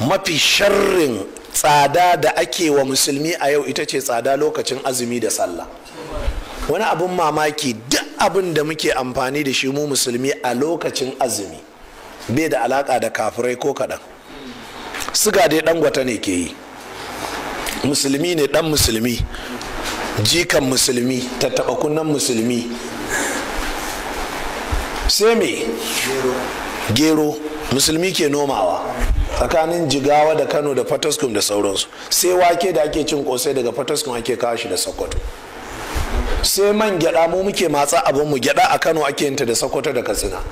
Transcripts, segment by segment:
mafi sharrin tsada da ake wa musulmi a yau ita ce tsada lokacin azumi da sallah wani abin mamaki duk abin da muke amfani da shi mu musulmi a lokacin azumi bai da alaka da kafirai ko kaɗan siga dai ɗan gwata ne ke yi musulmi ne ɗan musulmi jikan musulmi tattaɓa kunnen musulmi sai me gero musulmi ke nomawa tsakanin jigawa da kano da fataskum da sauransu sai wake da ake cin kosai daga fataskum ake kawo shi da sokoto sai man gyada mu muke matsa abinmu gyada a kano ake yinta da sokoto da katsina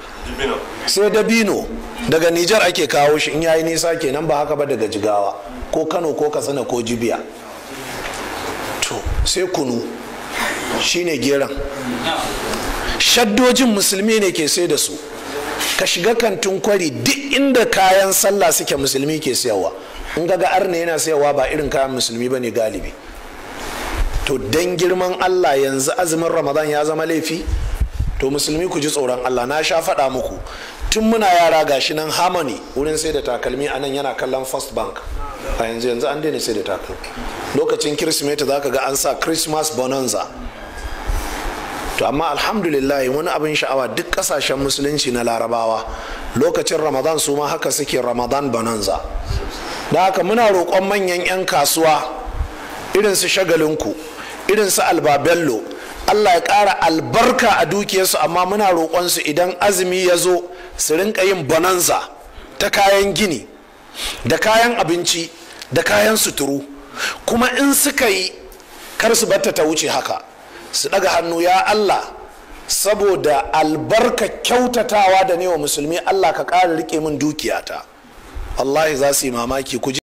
sai dabino daga nijar ake kawo shi in yayi nisa kenan ba haka ba daga jigawa ko kano ko katsina ko jibiya to sai kunu shine geran shaddojin musulmi ne ke sai da su ka shiga kantin kwari duk inda kayan sallah suke musulmi ke sayarwa in ga arna yana sayarwa ba irin kayan musulmi ba ne galibi to dan girman allah yanzu azumin ramadan ya zama laifi to musulmi ku ji tsoron allah na sha faɗa muku tun muna yara ga shi nan harmony wurin sai da takalmi a nan yana kallon first bank a yanzu yanzu an daina sai da takalmi lokacin kirsimeti za ka ga an sa christmas bonanza to amma alhamdulillah wani abin sha'awa duk kasashen musulunci na larabawa lokacin ramadan su ma haka suke ramadan bananza da haka muna roƙon manyan 'yan kasuwa irin su shagalinku irin su albabello allah ya ƙara albarka a dukiyarsu amma muna roƙon su idan azumi ya zo su rinka yin bananza ta kayan gini da kayan abinci da kayan suturu kuma in suka yi kar su batta ta wuce haka su daga hannu ya Allah saboda albarka kyautatawa da ne wa musulmi Allah ka ƙara rike min dukiyata Allah za su yi mamaki ku